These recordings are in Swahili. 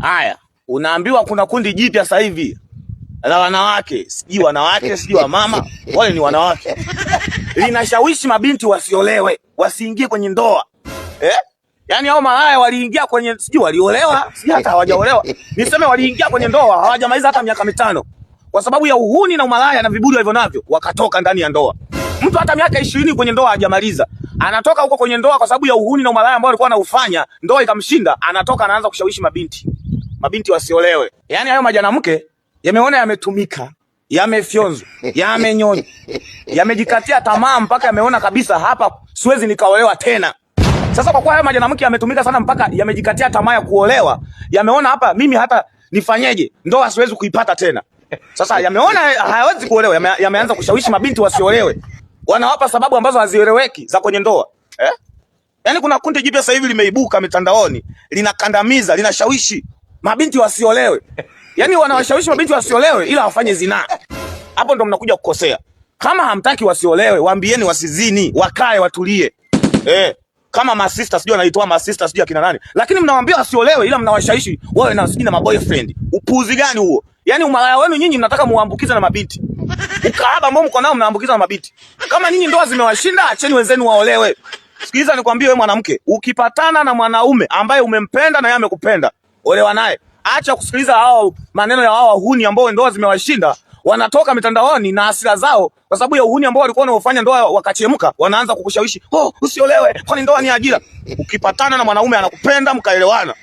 Haya, unaambiwa kuna kundi jipya sasa hivi la wanawake, sijui wanawake, sijui wa mama, wale ni wanawake, linashawishi mabinti wasiolewe, wasiingie kwenye ndoa eh? Yaani hao malaya waliingia kwenye, sijui waliolewa, sijui hata hawajaolewa, niseme waliingia kwenye ndoa hawajamaliza hata miaka mitano, kwa sababu ya uhuni na umalaya na viburi walivyo navyo, wakatoka ndani ya ndoa. Mtu hata miaka ishirini kwenye ndoa hajamaliza anatoka huko kwenye ndoa kwa sababu ya uhuni na umalaya ambao alikuwa anaufanya, ndoa ikamshinda, anatoka anaanza kushawishi mabinti mabinti wasiolewe. Yaani hayo majanamke yameona yametumika, yamefyonzwa, yamenyonywa, yamejikatia tamaa mpaka yameona kabisa, hapa siwezi nikaolewa tena. Sasa kwa kuwa hayo majanamke yametumika sana mpaka yamejikatia tamaa ya kuolewa, yameona hapa mimi hata nifanyeje, ndoa siwezi kuipata tena. Sasa yameona hayawezi kuolewa, yame, yameanza kushawishi mabinti wasiolewe, wanawapa sababu ambazo hazieleweki za kwenye ndoa eh? Yaani kuna kundi jipya sasa hivi limeibuka mitandaoni, linakandamiza, linashawishi mabinti wasiolewe, yani wanawashawishi mabinti wasiolewe ila wafanye zinaa. Hapo ndo mnakuja kukosea. Kama hamtaki wasiolewe, waambieni wasizini, wakae watulie, eh kama masista sijui anaitwa masista sijui akina nani, lakini mnawaambia wasiolewe, ila mnawashawishi wawe na sijui na maboyfriend. Upuuzi gani huo? Yani umalaya wenu nyinyi mnataka muambukiza na mabinti, ukahaba ambao mko nao mnaambukiza na mabinti. Kama nyinyi ndoa zimewashinda, acheni wenzenu waolewe. Sikiliza nikwambie, wewe mwanamke ukipatana na mwanaume ambaye umempenda na yeye amekupenda, Olewa naye, acha kusikiliza hao maneno ya hao wahuni ambao ndoa zimewashinda wanatoka mitandaoni na hasira zao kwa sababu ya uhuni ambao walikuwa wanaofanya ndoa wakachemka, wanaanza kukushawishi, "Oh, usiolewe, kwani ndoa ni ajira." Ukipatana na mwanaume anakupenda mkaelewana,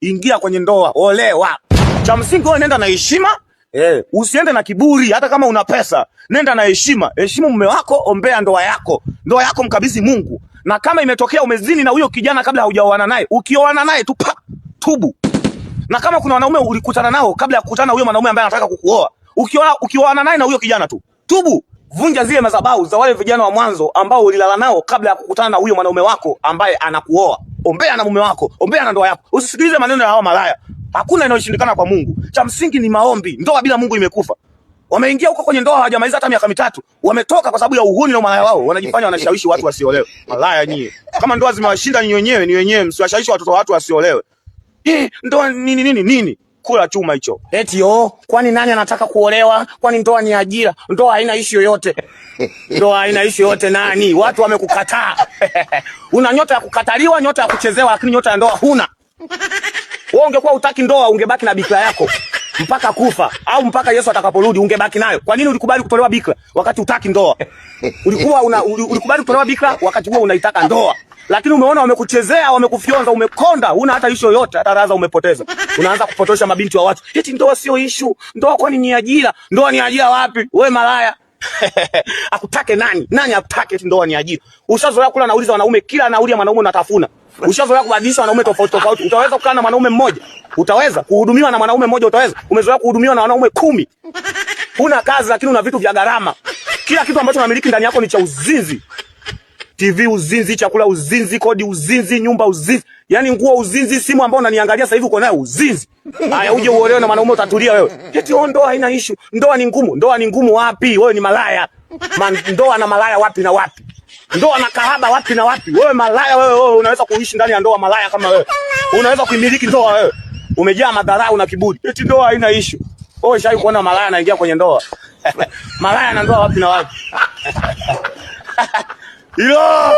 ingia kwenye ndoa, olewa. Cha msingi wewe nenda na heshima, eh, usiende na kiburi hata kama una pesa. Nenda na heshima. Heshimu mume wako, ombea ndoa yako. Ndoa yako mkabidhi Mungu. Na kama imetokea umezini na huyo kijana kabla haujaoana naye, ukioana naye tupa, tubu. Na kama kuna wanaume ulikutana nao kabla ya kukutana huyo mwanaume ambaye anataka kukuoa, ukiona ukioana naye na huyo kijana tu, tubu, vunja zile madhabahu za wale vijana wa mwanzo ambao ulilala nao kabla ya kukutana na huyo mwanaume wako ambaye anakuoa. Ombea na mume wako, ombea na ndoa yako. Usisikilize maneno ya hao malaya. Hakuna inayoshindikana kwa Mungu. Cha msingi ni maombi. Ndoa bila Mungu imekufa. Wameingia huko kwenye ndoa hawajamaliza hata miaka mitatu, wametoka kwa sababu ya uhuni na umalaya wao. Wanajifanya wanashawishi watu wasiolewe. Malaya nyie! Kama ndoa zimewashinda ni wenyewe, ni wenyewe, msiwashawishi watoto wa watu wasiolewe ndoa nini nini nini, kula chuma hicho. Eti oh, kwani nani anataka kuolewa? Kwani ndoa ni ajira? Ndoa haina ishu yoyote, ndoa haina ishu yoyote. Nani watu wamekukataa? una nyota ya kukataliwa, nyota ya kuchezewa, lakini nyota ya ndoa huna. Wewe ungekuwa utaki ndoa, ungebaki na bikira yako mpaka kufa au mpaka Yesu atakaporudi ungebaki nayo. Kwa nini ulikubali kutolewa bikra wakati utaki ndoa? Ulikuwa una, ulikubali kutolewa bikra wakati huo unaitaka ndoa lakini umeona wamekuchezea, wamekufyonza, umekonda, una hata ishu yoyote, hata raza umepoteza. Unaanza kupotosha mabinti wa watu eti ndoa sio ishu, ndoa kwani ni ajira? Ndoa ni ajira wapi? We malaya akutake nani? Nani akutake eti ndoa ni ajira? Ushazoea kula nauliza wanaume, kila naulia mwanaume unatafuna Ushazoea kubadilisha wanaume tofauti tofauti. Utaweza kukaa na mwanaume mmoja? Utaweza kuhudumiwa na mwanaume mmoja? Utaweza? Umezoea kuhudumiwa na wanaume kumi. Huna kazi, lakini una vitu vya gharama. Kila kitu ambacho unamiliki ndani yako ni cha uzinzi. TV uzinzi, chakula uzinzi, kodi uzinzi, nyumba uzinzi, yani nguo uzinzi, simu ambayo unaniangalia sasa hivi uko nayo uzinzi. Haya, uje uolewe na mwanaume utatulia wewe? Eti oh, ndoa haina issue, ndoa ni ngumu. Ndoa ni ngumu wapi? Wewe ni malaya. Man, ndoa na malaya wapi na wapi? Ndoa na kahaba wapi na wapi? Wewe malaya wewe, wewe unaweza kuishi ndani ya ndoa malaya kama wewe? Unaweza kuimiliki ndoa wewe? Umejaa madharau na kiburi. Eti ndoa haina issue. Wewe shai kuona malaya anaingia kwenye ndoa? malaya na ndoa wapi na wapi? うわ。